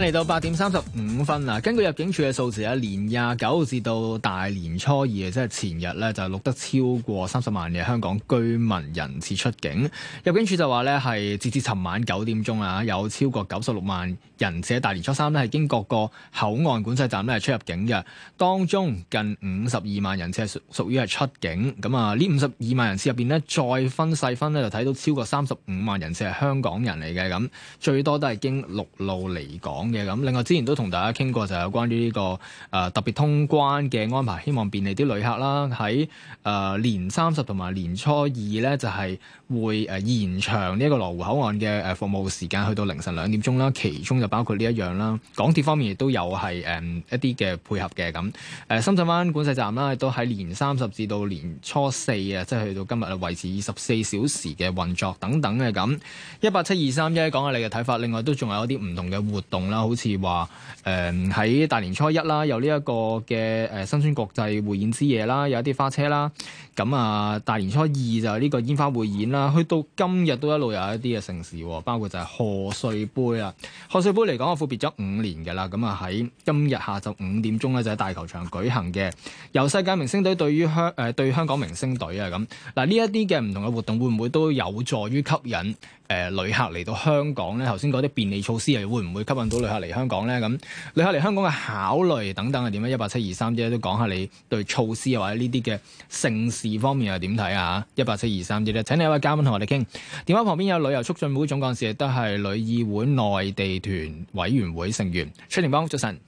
嚟到八點三十五分啦，根據入境處嘅數字啊，年廿九至到大年初二，即係前日咧就錄得超過三十萬嘅香港居民人次出境。入境處就話咧係截至尋晚九點鐘啊，有超過九十六萬人次喺大年初三咧係經各個口岸管制站咧係出入境嘅，當中近五十二萬人次屬屬於係出境。咁啊，呢五十二萬人次入邊咧，再分細分咧就睇到超過三十五萬人次係香港人嚟嘅，咁最多都係經陸路嚟港。嘅咁，另外之前都同大家傾過，就有關於呢個誒、呃、特別通關嘅安排，希望便利啲旅客啦，喺誒、呃、年三十同埋年初二咧，就係會誒延長呢一個羅湖口岸嘅誒服務時間去到凌晨兩點鐘啦，其中就包括呢一樣啦。港鐵方面亦都有係誒一啲嘅配合嘅咁。誒深圳灣管制站啦，都喺年三十至到年初四啊，即係去到今日啊維持二十四小時嘅運作等等嘅咁。1, 一八七二三一講下你嘅睇法，另外都仲有一啲唔同嘅活動啦，好似話誒喺大年初一啦，有呢一個嘅誒新春國際匯演之夜啦，有一啲花車啦。咁啊大年初二就呢個煙花匯演啦。啊！去到今日都一路有一啲嘅盛事，包括就係賀歲杯啦。賀歲杯嚟講，我闊別咗五年㗎喇。咁啊，喺今日下晝五點鐘咧，就喺、是、大球場舉行嘅，由世界明星隊對於香誒，對香港明星隊啊。咁嗱，呢一啲嘅唔同嘅活動，會唔會都有助於吸引？誒、呃、旅客嚟到香港咧，頭先嗰啲便利措施係會唔會吸引到旅客嚟香港咧？咁旅客嚟香港嘅考慮等等係點樣？一八七二三啲都講下你對措施又或者呢啲嘅盛事方面係點睇啊？一八七二三啲咧，請你一位嘉賓同我哋傾。電話旁邊有旅遊促進會總幹事，亦都係旅議會內地團委員會成員，崔定邦早晨。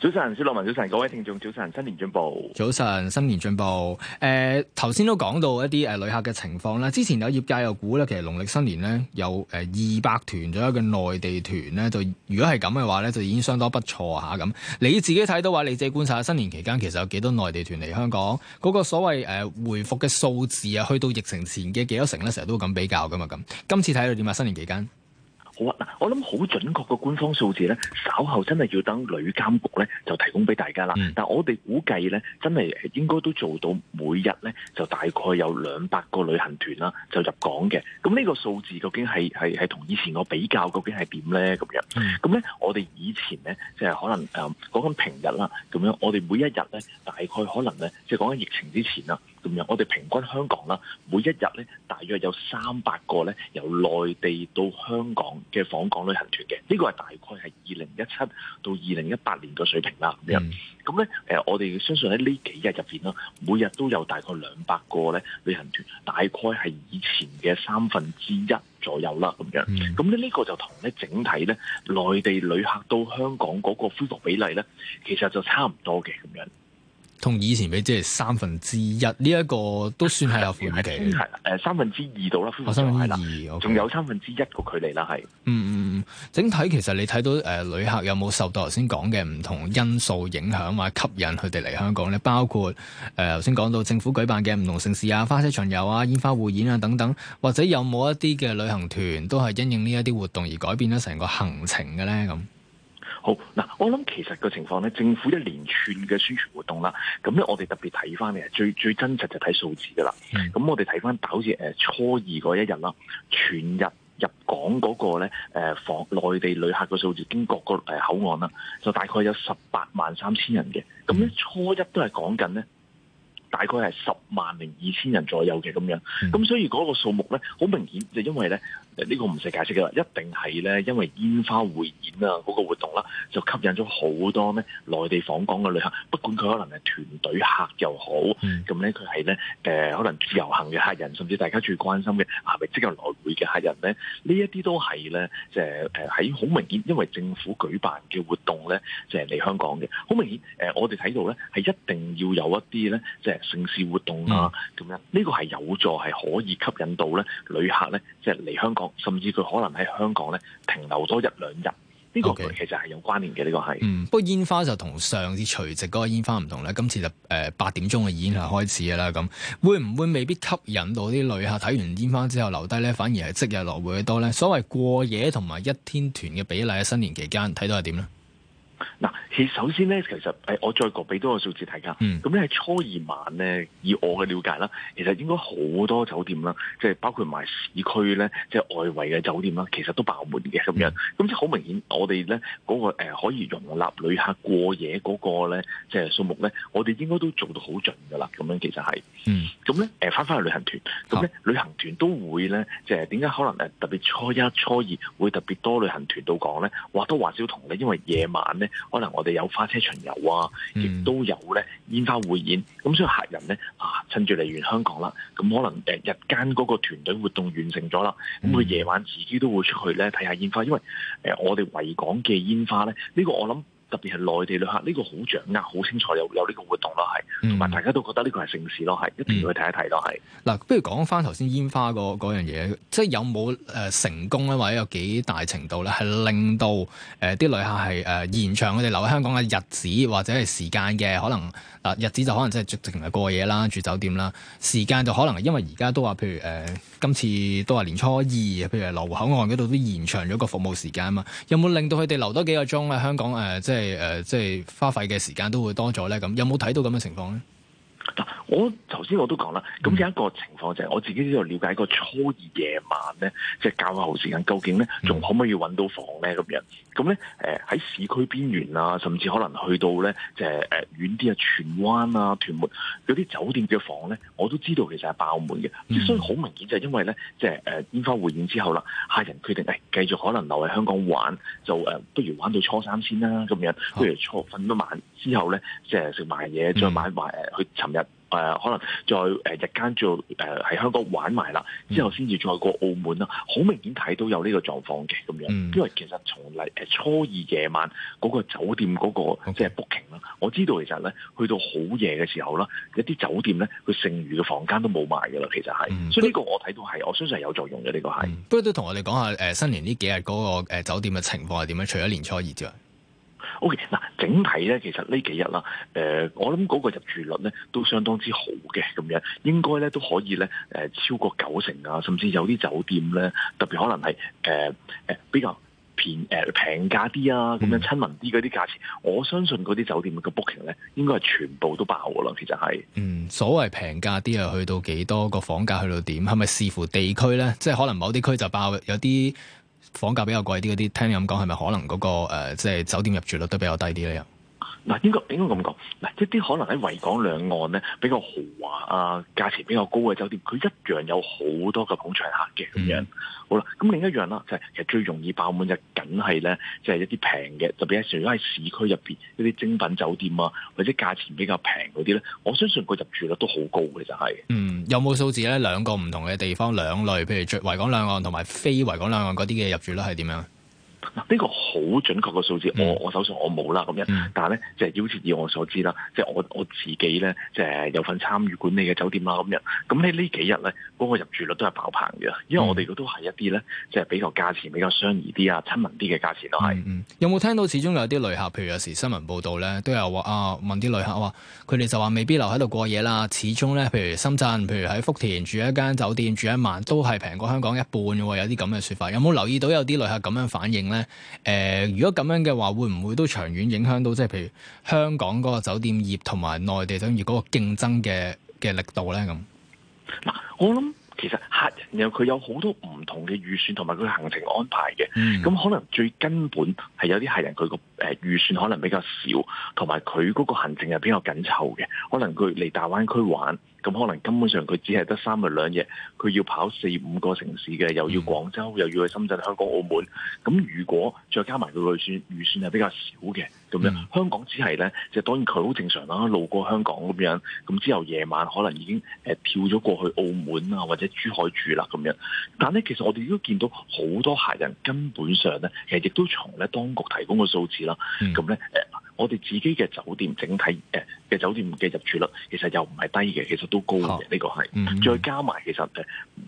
早晨，小樂文，早晨，各位聽眾，早晨，新年進步。早晨，新年進步。誒、呃，頭先都講到一啲誒、呃、旅客嘅情況啦。之前有業界有估咧，其實農曆新年咧有誒二百團左右嘅內地團咧，就如果係咁嘅話咧，就已經相當不錯吓咁、啊。你自己睇到話，你自己觀察下新年期間，其實有幾多內地團嚟香港？嗰、那個所謂誒、呃、回復嘅數字啊，去到疫情前嘅幾多成咧，成日都咁比較噶嘛咁。今次睇到點啊？新年期間。好啊，嗱，我諗好準確嘅官方數字咧，稍後真係要等旅監局咧就提供俾大家啦。但我哋估計咧，真係應該都做到每日咧就大概有兩百個旅行團啦，就入港嘅。咁呢個數字究竟係係係同以前個比較，究竟係點咧咁樣呢？咁咧、嗯、我哋以前咧即係可能誒講緊平日啦，咁樣我哋每一日咧大概可能咧即係講緊疫情之前啦。咁樣，我哋平均香港啦，每一日咧，大約有三百個咧，由內地到香港嘅訪港旅行團嘅，呢個係大概係二零一七到二零一八年嘅水平啦。嗯。咁樣，咁咧，誒，我哋相信喺呢幾日入邊咯，每日都有大概兩百個咧旅行團，大概係以前嘅三分之一左右啦。咁樣，咁咧呢個就同咧整體咧內地旅客到香港嗰個恢復比例咧，其實就差唔多嘅咁樣。同以前比即係三分之一，呢、這、一個都算係有緩解嘅，三分之二度啦，我三分之二，仲有三分之一個距離啦，係。嗯嗯嗯，整體其實你睇到誒、呃、旅客有冇受到頭先講嘅唔同因素影響，或者吸引佢哋嚟香港咧？包括誒頭先講到政府舉辦嘅唔同盛事啊、花車巡遊啊、煙花匯演啊等等，或者有冇一啲嘅旅行團都係因應呢一啲活動而改變咗成個行程嘅咧？咁？嗱，我諗其實個情況咧，政府一連串嘅宣傳活動啦，咁咧我哋特別睇翻咧，最最真實就睇數字噶啦。咁我哋睇翻，好似誒初二嗰一日啦，全日入港嗰、那個咧誒、呃、房內地旅客嘅數字，經各個誒口岸啦，就大概有十八萬三千人嘅。咁咧初一都係講緊咧，大概係十萬零二千人左右嘅咁樣。咁所以嗰個數目咧，好明顯就因為咧。呢個唔使解釋嘅啦，一定係咧，因為煙花匯演啊嗰、那個活動啦，就吸引咗好多咧內地訪港嘅旅客，不管佢可能係團隊客又好，咁咧佢係咧誒可能自由行嘅客人，甚至大家最關心嘅係咪即刻來回嘅客人咧，呢一啲都係咧，即係誒喺好明顯，因為政府舉辦嘅活動咧，即係嚟香港嘅，好明顯誒、呃，我哋睇到咧係一定要有一啲咧，即、就、係、是、盛事活動啊咁、嗯、樣，呢、這個係有助係可以吸引到咧旅客咧，即係嚟香港。甚至佢可能喺香港咧停留多一兩日，呢 Okay. 個其實係有關聯嘅呢個係。嗯，不過煙花就同上次除夕嗰個煙花唔同咧，今次就誒八點鐘嘅煙係開始嘅啦，咁會唔會未必吸引到啲旅客睇完煙花之後留低咧，反而係即日來回嘅多咧？所謂過夜同埋一天團嘅比例喺新年期間睇到係點咧？嗱，先首先咧，其實誒，我再個俾多個數字大家。咁咧喺初二晚咧，以我嘅了解啦，其實應該好多酒店啦，即係包括埋市區咧，即係外圍嘅酒店啦，其實都爆滿嘅咁樣。咁，嗯，即係好明顯，我哋咧嗰個可以容納旅客過夜嗰個咧，即係數目咧，我哋應該都做到好盡㗎啦。咁樣其實係，咁咧誒翻返去旅行團，咁咧好旅行團都會咧，即係點解可能誒特別初一初二會特別多旅行團到港咧？或多或少同咧，因為夜晚咧。可能我哋有花車巡遊啊，亦都有咧煙花匯演，咁所以客人咧啊，趁住嚟完香港啦，咁可能誒日間嗰個團隊活動完成咗啦，咁佢夜晚自己都會出去咧睇下煙花，因為誒、呃、我哋維港嘅煙花咧，呢、這個我諗。特別係內地旅客，呢、這個好掌握、好清楚有有呢個活動咯，係，同埋大家都覺得呢個係盛事咯，係一定要去睇一睇咯，係嗱、嗯，不如講翻頭先煙花嗰樣嘢，即係有冇誒、呃、成功咧，或者有幾大程度咧，係令到誒啲、呃、旅客係誒、呃、延長佢哋留喺香港嘅日子或者係時間嘅可能嗱、呃，日子就可能即係直情係過夜啦，啊、住酒店啦，時間就可能因為而家都話譬如誒、呃、今次都話年初二，譬如羅湖口岸嗰度都延長咗個服務時間啊嘛，有冇令到佢哋留多幾個鐘喺香港誒即係？係誒，即係花費嘅時間都會多咗咧。咁有冇睇到咁嘅情況咧？我頭先我都講啦，咁有一個情況就係我自己知道瞭解個初二夜晚咧，即、就、係、是、較後時間究竟咧，仲可唔可以揾到房咧咁樣？咁咧誒喺市區邊緣啊，甚至可能去到咧即係誒遠啲啊，荃灣啊、屯門有啲酒店嘅房咧，我都知道其實係爆滿嘅。之、嗯、所以好明顯就係因為咧，即係誒煙花匯演之後啦，客人決定誒、哎、繼續可能留喺香港玩，就誒、呃、不如玩到初三先啦、啊、咁樣，啊、不如初瞓多晚之後咧，即係食埋嘢再買埋誒去尋日。誒、呃、可能在誒、呃、日間做誒喺香港玩埋啦，之後先至再過澳門啦。好明顯睇到有呢個狀況嘅咁樣，嗯、因為其實從嚟誒初二夜晚嗰個酒店嗰、嗰個、嗯、即係 booking 啦，我知道其實咧去到好夜嘅時候啦，一啲酒店咧佢剩餘嘅房間都冇埋嘅啦，其實係，嗯、所以呢個我睇到係我相信係有作用嘅呢、呢個係。不過、嗯、都同我哋講下誒新年呢幾日嗰個酒店嘅情況係點樣？除咗年初二之外。O.K. 嗱，整體咧，其實呢幾日啦，誒、呃，我諗嗰個入住率咧都相當之好嘅，咁樣，應該咧都可以咧誒、呃、超過九成啊，甚至有啲酒店咧，特別可能係誒誒比較便誒平、呃、價啲啊，咁樣親民啲嗰啲價錢，嗯、我相信嗰啲酒店嘅 booking 咧，應該係全部都爆嘅咯，其實係。嗯，所謂平價啲啊，去到幾多個房價去到點？係咪視乎地區咧？即係可能某啲區就爆，有啲，房價比較貴啲嗰啲，聽你咁講係咪可能嗰個誒，即係酒店入住率都比較低啲咧？嗱，應該應該咁講，嗱，一啲可能喺維港兩岸咧，比較豪華啊，價錢比較高嘅酒店，佢一樣有好多嘅捧場客嘅咁樣。Mm hmm. 好啦，咁另一樣啦，就係其實最容易爆滿就梗係咧，就係一啲平嘅，特別係成日喺市區入邊一啲精品酒店啊，或者價錢比較平嗰啲咧，我相信佢入住率都好高嘅，就係、是。嗯，有冇數字咧？兩個唔同嘅地方，兩類，譬如維港兩岸同埋非維港兩岸嗰啲嘅入住率係點樣？嗱，呢個好準確嘅數字，嗯、我我手上我冇啦咁樣，嗯、但係咧就係，好似以我所知啦，即係我我自己咧，即係有份參與管理嘅酒店啦咁樣。咁喺呢幾日咧，嗰個入住率都係爆棚嘅，因為我哋都係一啲咧，即係比較價錢比較相宜啲啊，親民啲嘅價錢都係、嗯嗯。有冇聽到？始終有啲旅客，譬如有時新聞報道咧，都有話啊，問啲旅客話，佢哋就話未必留喺度過夜啦。始終咧，譬如深圳，譬如喺福田住一間酒店住一晚，都係平過香港一半喎。有啲咁嘅説法。有冇留意到有啲旅客咁樣反應？咧，誒，如果咁樣嘅話，會唔會都長遠影響到，即係譬如香港嗰個酒店業同埋內地等業嗰個競爭嘅嘅力度咧？咁，嗱，我諗其實客人有佢有好多唔同嘅預算同埋佢行程安排嘅，咁、嗯、可能最根本係有啲客人佢個誒預算可能比較少，同埋佢嗰個行程又比較緊湊嘅，可能佢嚟大灣區玩。咁、嗯、可能根本上佢只係得三日兩夜，佢要跑四五個城市嘅，又要廣州，又要去深圳、香港、澳門。咁如果再加埋佢預算預算係比較少嘅咁樣、嗯、香港只係咧，就當然佢好正常啦，路過香港咁樣。咁之後夜晚可能已經誒、呃、跳咗過去澳門啊，或者珠海住啦咁樣。但係咧，其實我哋都見到好多客人根本上咧，其實亦都從咧當局提供嘅數字啦。咁咧誒。嗯我哋自己嘅酒店整體誒嘅、呃、酒店嘅入住率其實又唔係低嘅，其實都高嘅，呢、啊、個係、嗯、再加埋其實誒誒、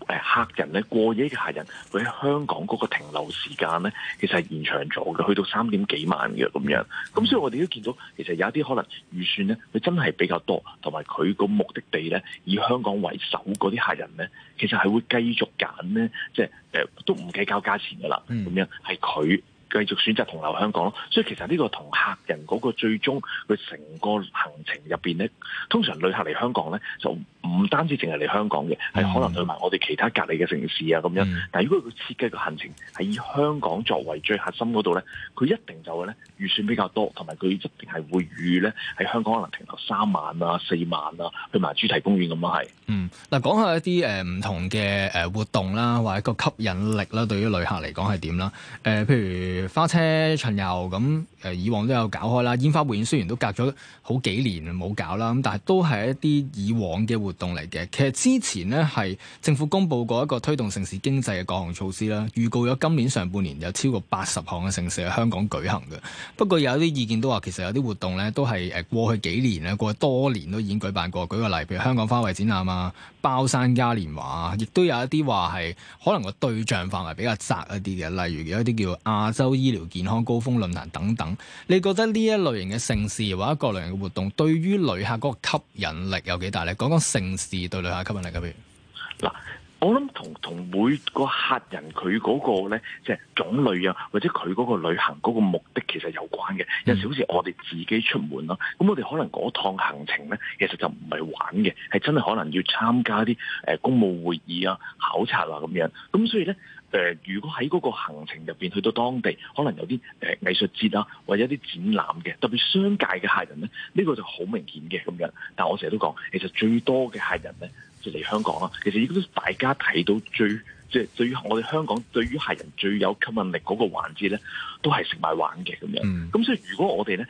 呃、客人咧過夜嘅客人，佢喺香港嗰個停留時間咧，其實係延長咗嘅，去到三點幾晚嘅咁樣，咁、嗯嗯、所以我哋都見到其實有一啲可能預算咧，佢真係比較多，同埋佢個目的地咧以香港為首嗰啲客人咧，其實係會繼續揀咧，即係誒、呃、都唔計較價錢噶啦，咁了樣係佢。繼續選擇停留香港咯，所以其實呢個同客人嗰個最終佢成個行程入邊咧，通常旅客嚟香港咧就唔單止淨係嚟香港嘅，係可能去埋我哋其他隔離嘅城市啊咁樣。但係如果佢設計個行程係以香港作為最核心嗰度咧，佢一定就會咧預算比較多，同埋佢一定係會預咧喺香港可能停留三晚啊、四晚啊，去埋主題公園咁樣係。嗯，嗱講下一啲誒唔同嘅誒活動啦，或者個吸引力啦，對於旅客嚟講係點啦？誒、呃，譬如。花車巡遊咁。誒以往都有搞開啦，煙花匯演雖然都隔咗好幾年冇搞啦，咁但係都係一啲以往嘅活動嚟嘅。其實之前呢，係政府公布過一個推動盛事經濟嘅各項措施啦，預告咗今年上半年有超過八十項嘅盛事喺香港舉行嘅。不過有啲意見都話，其實有啲活動呢都係誒過去幾年咧，過去多年都已經舉辦過。舉個例，譬如香港花卉展覽啊、包山嘉年華啊，亦都有一啲話係可能個對象範圍比較窄一啲嘅，例如有一啲叫亞洲醫療健康高峰論壇等等。你覺得呢一類型嘅城市或者各類型嘅活動，對於旅客嗰個吸引力有幾大咧？講講城市對旅客吸引力嘅，譬如嗱，我諗同同每個客人佢嗰個咧，即係種類啊，或者佢嗰個旅行嗰個目的，其實有關嘅。有時好似我哋自己出門咯，咁我哋可能嗰趟行程咧，其實就唔係玩嘅，係真係可能要參加啲誒公務會議啊、考察啊咁樣，咁所以咧。誒、呃，如果喺嗰個行程入邊去到當地，可能有啲誒、呃、藝術節啦、啊，或者啲展覽嘅，特別商界嘅客人咧，呢、呢個就好明顯嘅咁樣。但我成日都講，其實最多嘅客人咧，就嚟香港啦。其實亦都大家睇到最。即係對於我哋香港，對於客人最有吸引力嗰個環節咧，都係食埋玩嘅咁樣。咁、mm. 所以如果我哋咧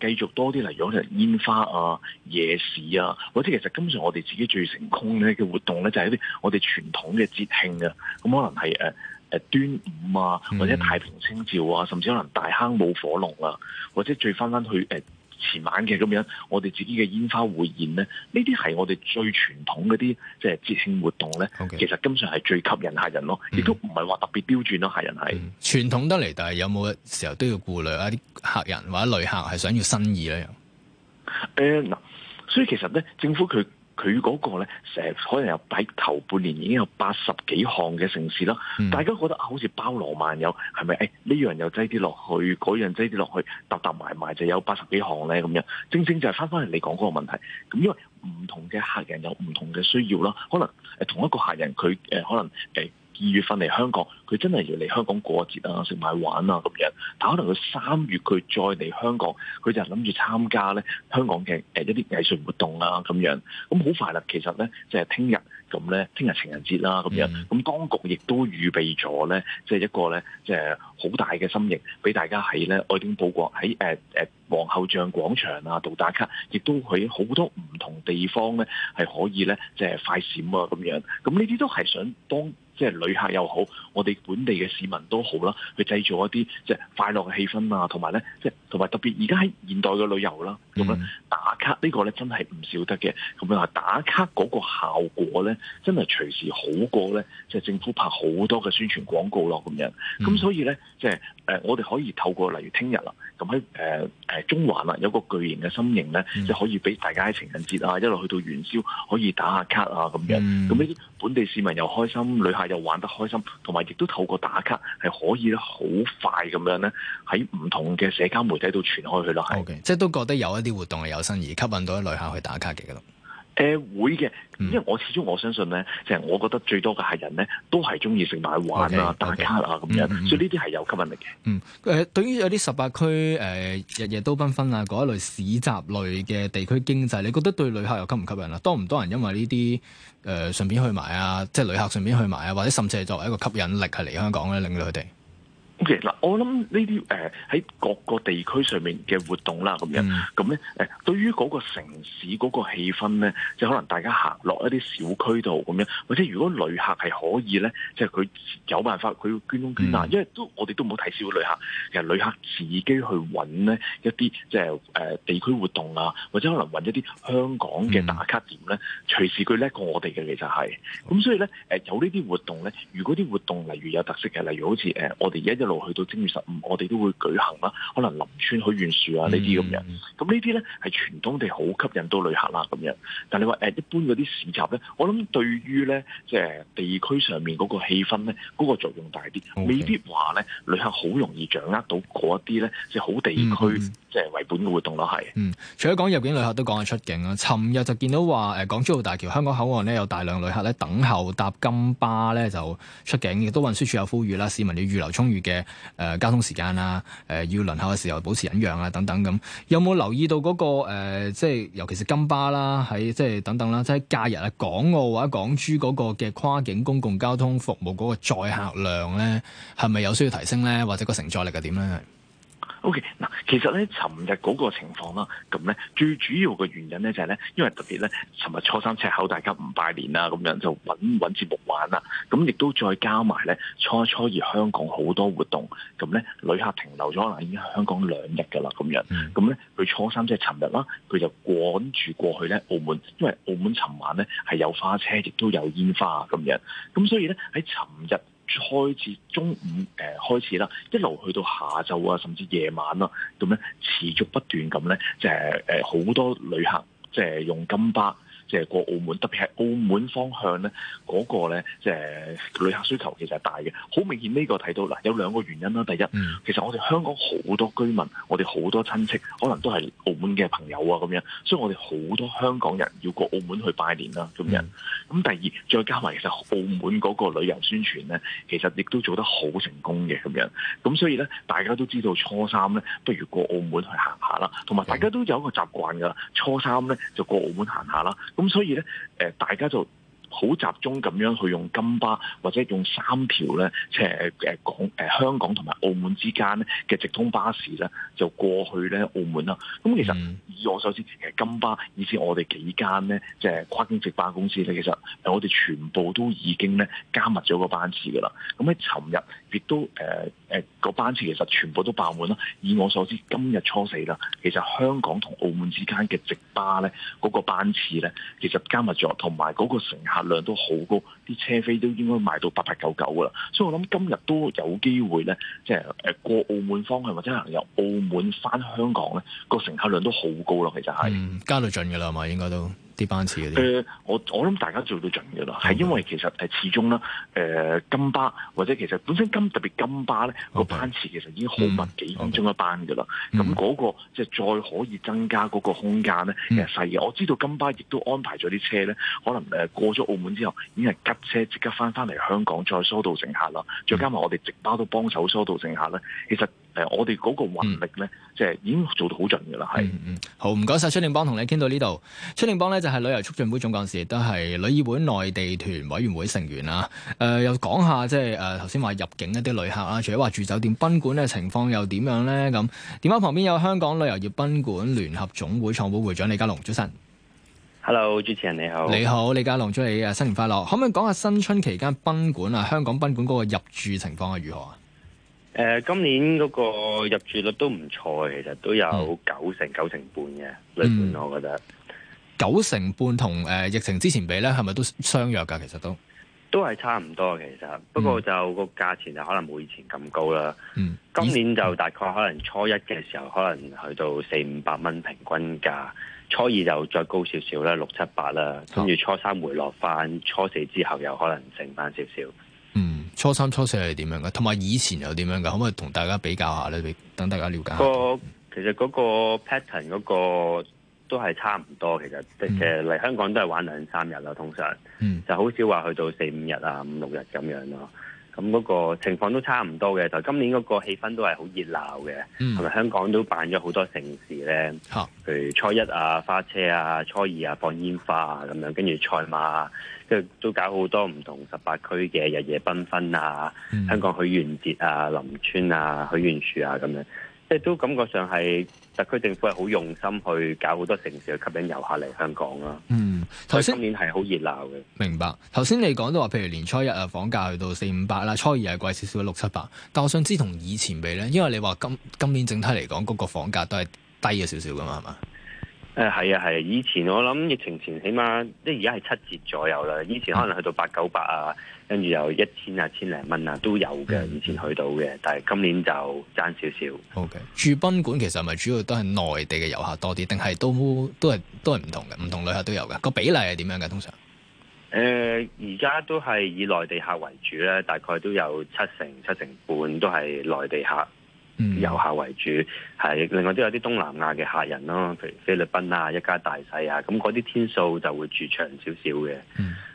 誒繼續多啲嚟樣，例如煙花啊、夜市啊，或者其實根本我哋自己最成功咧嘅活動咧，就係一啲我哋傳統嘅節慶啊。咁可能係誒誒端午啊，或者太平清醮啊，甚至可能大坑舞火龍啊，或者最翻翻去誒。呃前晚嘅咁樣，我哋自己嘅煙花匯演咧，呢啲係我哋最傳統嗰啲即係節慶活動咧。Okay. 其實根本上係最吸引客人咯，亦都唔係話特別標準咯，嗯、客人係傳、嗯、統得嚟，但係有冇時候都要顧慮一啲客人或者旅客係想要新意咧？誒嗱、呃，所以其實咧，政府佢。佢嗰個咧，成日可能又喺頭半年已經有八十幾項嘅城市啦，嗯、大家覺得好似包羅萬有，係咪？誒呢樣又擠啲落去，嗰樣擠啲落去，搭搭埋埋就有八十幾項咧咁樣，正正就係翻翻嚟你講嗰個問題。咁因為唔同嘅客人有唔同嘅需要啦，可能誒同一個客人佢誒、呃、可能誒。哎二月份嚟香港，佢真係要嚟香港過節啊、食埋玩啊咁樣。但可能佢三月佢再嚟香港，佢就係諗住參加咧香港嘅誒、呃、一啲藝術活動啊咁樣。咁好快啦，其實咧即係聽日咁咧，聽日情人節啦、啊、咁樣。咁當局亦都預備咗咧，即係一個咧，即係好大嘅心型俾大家喺咧愛丁堡國喺誒誒皇后像廣場啊、度打卡，亦都喺好多唔同地方咧係可以咧即係快閃啊咁樣。咁呢啲都係想當。即係旅客又好，我哋本地嘅市民都好啦，去製造一啲即係快樂嘅氣氛啊，同埋咧即係同埋特別而家喺現代嘅旅遊啦、啊，咁樣、嗯、打卡呢個咧真係唔少得嘅。咁樣啊，打卡嗰個效果咧，真係隨時好過咧，即係政府拍好多嘅宣傳廣告咯、啊。咁樣，咁、嗯、所以咧，即係誒，我哋可以透過例如聽日啦。咁喺誒誒中環啊，有個巨型嘅心形咧，即係可以俾大家喺情人節啊，一路去到元宵可以打下卡啊咁樣。咁呢啲本地市民又開心，旅客又玩得開心，同埋亦都透過打卡係可以咧好快咁樣咧喺唔同嘅社交媒體度傳開去咯，係。Okay, 即係都覺得有一啲活動係有新意，吸引到啲旅客去打卡嘅咯。誒，會嘅，因為我始終我相信咧，就係、嗯、我覺得最多嘅客人咧，都係中意食埋玩啊、打 Okay, 卡啊咁 okay, 樣，um, um, 所以呢啲係有吸引力嘅。嗯，誒，對於有啲十八區誒、呃，日夜都繽紛啊，嗰一類市集類嘅地區經濟，你覺得對旅客又吸唔吸引啊？多唔多人因為呢啲誒，順便去埋啊，即係旅客順便去埋啊，或者甚至係作為一個吸引力係嚟香港咧，令到佢哋。嗱，我諗呢啲誒喺各個地區上面嘅活動啦，咁樣，咁咧誒，對於嗰個城市嗰個氣氛咧，就可能大家行落一啲小區度咁樣，或者如果旅客係可以咧，即係佢有辦法佢捐窿捐罅，因為都我哋都冇睇少旅客，其實旅客自己去揾咧一啲即係誒地區活動啊，或者可能揾一啲香港嘅打卡點咧，隨時佢叻過我哋嘅其實係。咁所以咧誒有呢啲活動咧，如果啲活動例如有特色嘅，例如好似誒我哋一一去、嗯、到正月十五，我哋都會舉行啦，可能林村許願樹啊呢啲咁樣。咁呢啲咧係傳統地，好吸引到旅客啦咁樣。但係你話誒、啊、一般嗰啲市集咧，我諗對於咧即係地區上面嗰個氣氛咧，嗰、嗰個作用大啲，Okay. 未必話咧旅客好容易掌握到嗰一啲咧即係好地區、嗯。嗯即係為本嘅活動咯，係。嗯，除咗講入境旅客，都講下出境啦。尋日就見到話，誒、呃、港珠澳大橋香港口岸咧有大量旅客咧等候搭金巴咧就出境。亦都運輸署有呼籲啦，市民要預留充裕嘅誒、呃、交通時間啦，誒、呃、要輪候嘅時候保持忍讓啊等等咁。有冇留意到嗰、那個即係、呃、尤其是金巴啦，喺即係等等啦，即、就、係、是、假日啊，港澳或者港珠嗰個嘅跨境公共交通服務嗰個載客量咧，係咪有需要提升咧，或者個承載力係點咧？O.K. 嗱，其實咧，尋日嗰個情況啦，咁咧最主要嘅原因咧就係咧，因為特別咧，尋日初三赤口，大家唔拜年啦，咁樣就揾揾節目玩啦。咁亦都再加埋咧，初一初二香港好多活動，咁咧旅客停留咗可能已經香港兩日㗎啦，咁樣，咁咧佢初三即係尋日啦，佢就趕住過去咧澳門，因為澳門尋晚咧係有花車，亦都有煙花咁樣，咁所以咧喺尋日。開始中午誒開始啦，一路去到下晝啊，甚至夜晚啦，咁咧持續不斷。咁咧，即係誒好多旅客即係用金巴。即係過澳門，特別係澳門方向咧，嗰個咧，即係旅客需求其實係大嘅。好明顯呢個睇到嗱，有兩個原因啦。第一，其實我哋香港好多居民，我哋好多親戚可能都係澳門嘅朋友啊，咁樣，所以我哋好多香港人要過澳門去拜年啦，咁樣。咁第二，再加埋，其實澳門嗰個旅遊宣傳咧，其實亦都做得好成功嘅，咁樣。咁所以咧，大家都知道初三咧，不如過澳門去行下啦。同埋，大家都有一個習慣噶，初三咧就過澳門行下啦。咁所以咧，誒、呃、大家就好集中咁樣去用金巴或者用三條咧，即係誒港誒香港同埋澳門之間嘅直通巴士咧，就過去咧澳門啦。咁、嗯、其實以我所知，其實金巴以至我哋幾間咧，即係跨境直巴公司咧，其實我哋全部都已經咧加密咗個班次噶啦。咁喺尋日亦都誒誒個班次其實全部都爆滿啦。以我所知，今日初四啦，其實香港同澳門之間嘅直巴咧嗰、嗰個班次咧，其實加密咗，同埋嗰個乘客量都好高，啲車飛都應該賣到八八九九噶啦，所以我諗今日都有機會咧，即係誒過澳門方向或者係由澳門翻香港咧，個乘客量都好高咯，其實係、嗯、加到盡嘅啦，係咪應該都。啲班次嘅、呃，我我諗大家做到盡嘅啦，係。Okay. 因為其實誒始終咧，誒、呃、金巴或者其實本身金特別金巴咧個 Okay. 班次其實已經好密集，幾分鐘、mm hmm. 一班嘅啦，咁嗰、mm hmm. 嗰個即係再可以增加嗰個空間咧，其實細嘅。Mm hmm. 我知道金巴亦都安排咗啲車咧，可能誒、呃、過咗澳門之後已經係吉車，即刻翻翻嚟香港再疏導乘客啦，mm hmm. 再加埋我哋直巴都幫手疏導乘客咧，其實。誒，我哋嗰個運力咧，即係、嗯、已經做到好盡噶啦，係、嗯。嗯好，唔該晒，崔定邦同你傾到呢度。崔定邦咧就係、是、旅遊促進會總幹事，亦都係旅議會內地團委員會成員啊。誒、呃，又講下即係誒，頭先話入境一啲旅客啊，除咗話住酒店賓館嘅情況又點樣咧？咁電話旁邊有香港旅遊業賓館聯合總會創會會長李嘉龍，早晨。Hello，主持人你好。你好，李嘉龍，祝你啊新年快樂！可唔可以講下新春期間賓館啊，香港賓館嗰個入住情況係如何啊？誒、呃，今年嗰個入住率都唔錯，其實都有九成、嗯、九成半嘅，旅館我覺得九成半同疫情之前比咧，係咪都相若噶？其實是是都都係差唔多，其實、嗯、不過就個價錢就可能冇以前咁高啦。嗯、今年就大概可能初一嘅時候，可能去到四五百蚊平均價，初二就再高少少啦，六七百啦。跟住初三回落翻，哦、初四之後又可能剩翻少少，嗯。初三初四係點樣嘅？同埋以前又點樣嘅？可唔可以同大家比較下咧？等大家了解下個，個其實嗰個 pattern 嗰個都係差唔多，其實即係、嗯、其實嚟香港都係玩兩三日啦，通常、嗯、就好少話去到四五日啊、五六日咁樣咯。咁嗰個情況都差唔多嘅，就今年嗰個氣氛都係好熱鬧嘅，同埋、嗯、香港都辦咗好多盛事咧，譬如初一啊花車啊，初二啊放煙花啊咁樣，跟住賽馬、啊，跟住都搞好多唔同十八區嘅日夜繽紛啊，香港許願節啊、林村啊、許願樹啊咁樣。即係都感覺上係特區政府係好用心去搞好多城市去吸引遊客嚟香港啦、啊。嗯，頭先係好熱鬧嘅。明白，頭先你講到話，譬如年初一啊，房價去到四五百啦，初二係貴少少六七百。但我想知同以前比呢，因為你話今今年整體嚟講，嗰個房價都係低咗少少噶嘛，係嘛？誒，係啊，係。以前我諗疫情前起碼，即係而家係七折左右啦。以前可能去到八九百啊，跟住又一千啊千零蚊啊都有嘅，嗯、以前去到嘅。但係今年就爭少少。Okay. 住賓館其實係咪主要都係內地嘅遊客多啲，定係都都係都係唔同嘅，唔同旅客都有嘅。個比例係點樣嘅？通常誒，而家、呃、都係以內地客為主咧，大概都有七成七成半都係內地客。遊客、嗯、為主，係，另外都有啲東南亞嘅客人咯，譬如菲律賓啊，一家大細啊，咁嗰啲天數就會住長少少嘅，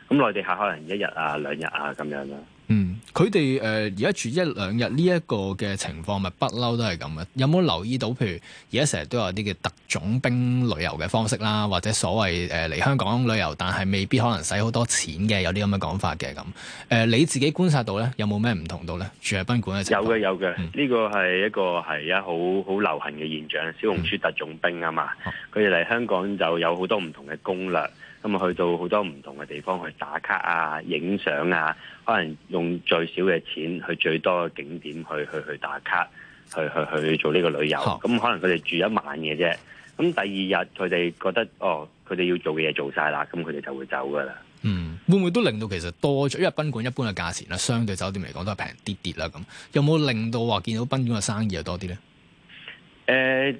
咁內、嗯、地客可能一日啊、兩日啊咁樣啦。嗯，佢哋誒而家住一兩日呢一個嘅情況咪不嬲都係咁嘅。有冇留意到？譬如而家成日都有啲嘅特種兵旅遊嘅方式啦，或者所謂誒嚟、呃、香港旅遊，但係未必可能使好多錢嘅，有啲咁嘅講法嘅咁。誒、呃、你自己觀察到咧，有冇咩唔同到咧？住喺賓館咧，有嘅有嘅，呢個係一個係一好好流行嘅現象。小紅書特種兵啊嘛，佢哋嚟香港就有好多唔同嘅攻略，咁啊去到好多唔同嘅地方去打卡啊、影相啊，可能。用最少嘅錢去最多嘅景點去去去打卡，去去去做呢個旅遊，咁、哦、可能佢哋住一晚嘅啫。咁第二日佢哋覺得哦，佢哋要做嘅嘢做晒啦，咁佢哋就會走噶啦。嗯，會唔會都令到其實多咗？因為賓館一般嘅價錢咧，相對酒店嚟講都係平啲啲啦。咁有冇令到話見到賓館嘅生意又多啲咧？誒、呃。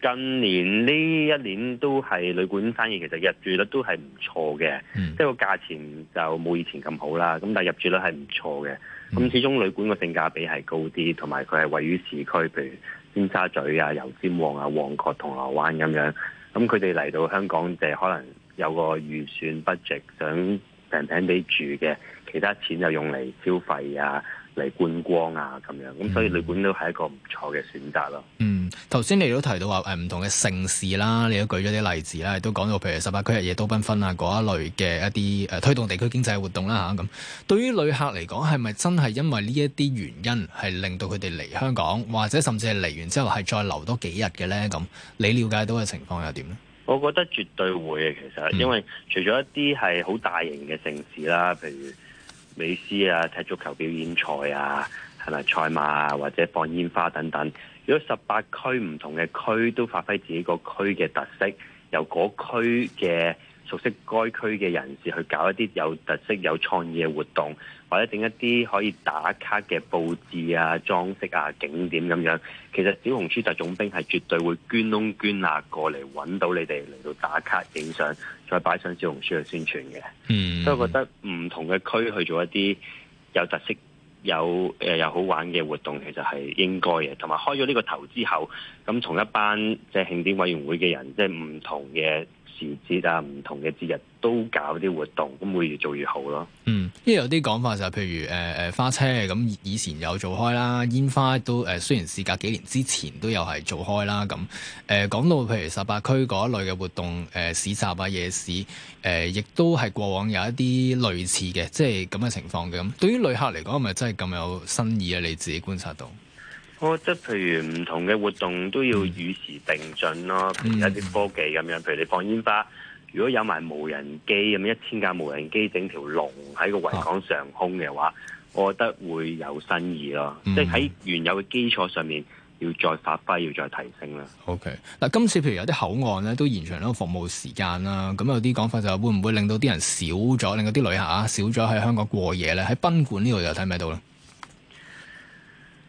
近年呢一年都係旅館生意，其實入住率都係唔錯嘅，嗯、即係個價錢就冇以前咁好啦。咁但係入住率係唔錯嘅。咁、嗯、始終旅館個性價比係高啲，同埋佢係位於市區，譬如尖沙咀啊、油尖旺啊、旺角、銅鑼灣咁樣。咁佢哋嚟到香港就可能有個預算 budget，想平平地住嘅，其他錢就用嚟消費啊。嚟觀光啊，咁樣咁，所以旅館都係一個唔錯嘅選擇咯。嗯，頭先你都提到話誒唔同嘅城市啦，你都舉咗啲例子啦，都講到譬如十八區日夜都繽紛啊嗰一類嘅一啲誒推動地區經濟活動啦嚇咁。對於旅客嚟講，係咪真係因為呢一啲原因係令到佢哋嚟香港，或者甚至係嚟完之後係再留多幾日嘅咧？咁你了解到嘅情況又點咧？我覺得絕對會嘅，其實因為除咗一啲係好大型嘅城市啦，譬如。美斯啊，踢足球表演賽啊，係咪賽馬啊，或者放煙花等等。如果十八區唔同嘅區都發揮自己個區嘅特色，由嗰區嘅。熟悉該區嘅人士去搞一啲有特色、有創意嘅活動，或者整一啲可以打卡嘅佈置啊、裝飾啊、景點咁樣。其實小紅書特種兵係絕對會捐窿捐罅過嚟揾到你哋嚟到打卡影相，再擺上小紅書去宣傳嘅。嗯，所以我覺得唔同嘅區去做一啲有特色、有誒又、呃、好玩嘅活動，其實係應該嘅。同埋開咗呢個頭之後，咁同一班即係慶典委員會嘅人，即係唔同嘅。節啊，唔同嘅節日都搞啲活動，咁會越做越好咯。嗯，因為有啲講法就係、是，譬如誒誒、呃、花車咁，以前有做開啦，煙花都誒、呃，雖然事隔幾年之前都有係做開啦。咁誒、呃、講到譬如十八區嗰類嘅活動，誒、呃、市集啊、夜市誒、呃，亦都係過往有一啲類似嘅，即係咁嘅情況嘅。咁對於旅客嚟講，係咪真係咁有新意啊？你自己觀察到。我覺得譬如唔同嘅活動都要與時並進咯，譬如一啲科技咁樣。譬如你放煙花，如果有埋無人機咁，一千架無人機整條龍喺個維港上空嘅話，啊、我覺得會有新意咯。即係喺原有嘅基礎上面，要再發揮，要再提升啦。OK，嗱今次譬如有啲口岸咧都延長咗個服務時間啦，咁有啲講法就係會唔會令到啲人少咗，令到啲旅客啊少咗喺香港過夜咧？喺賓館呢度又睇唔睇到咧？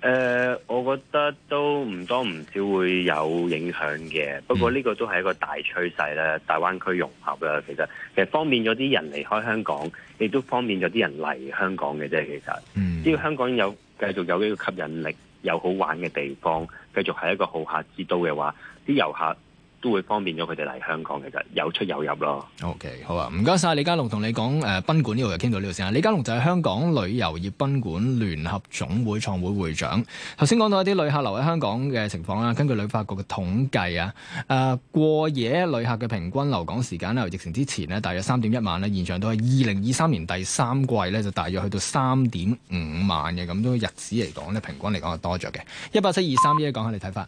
誒、呃，我覺得都唔多唔少會有影響嘅。不過呢個都係一個大趨勢咧，大灣區融合啦。其實其實方便咗啲人離開香港，亦都方便咗啲人嚟香港嘅啫。其實只要香港有繼續有呢個吸引力，有好玩嘅地方，繼續係一個好客之都嘅話，啲遊客，都會方便咗佢哋嚟香港，其實有出有入咯。OK，好啊，唔該晒。李嘉龍，同你講誒賓館呢度又傾到呢度先啊。李嘉龍就係香港旅遊業賓館聯合總會創會會長。頭先講到一啲旅客留喺香港嘅情況啦，根據旅發局嘅統計啊，誒、呃、過夜旅客嘅平均留港時間呢，由疫情之前呢，大約三點一晚咧，延長到係二零二三年第三季呢，就大約去到三點五晚嘅咁。都日子嚟講呢，平均嚟講係多咗嘅。一八七二三，一講下你睇法。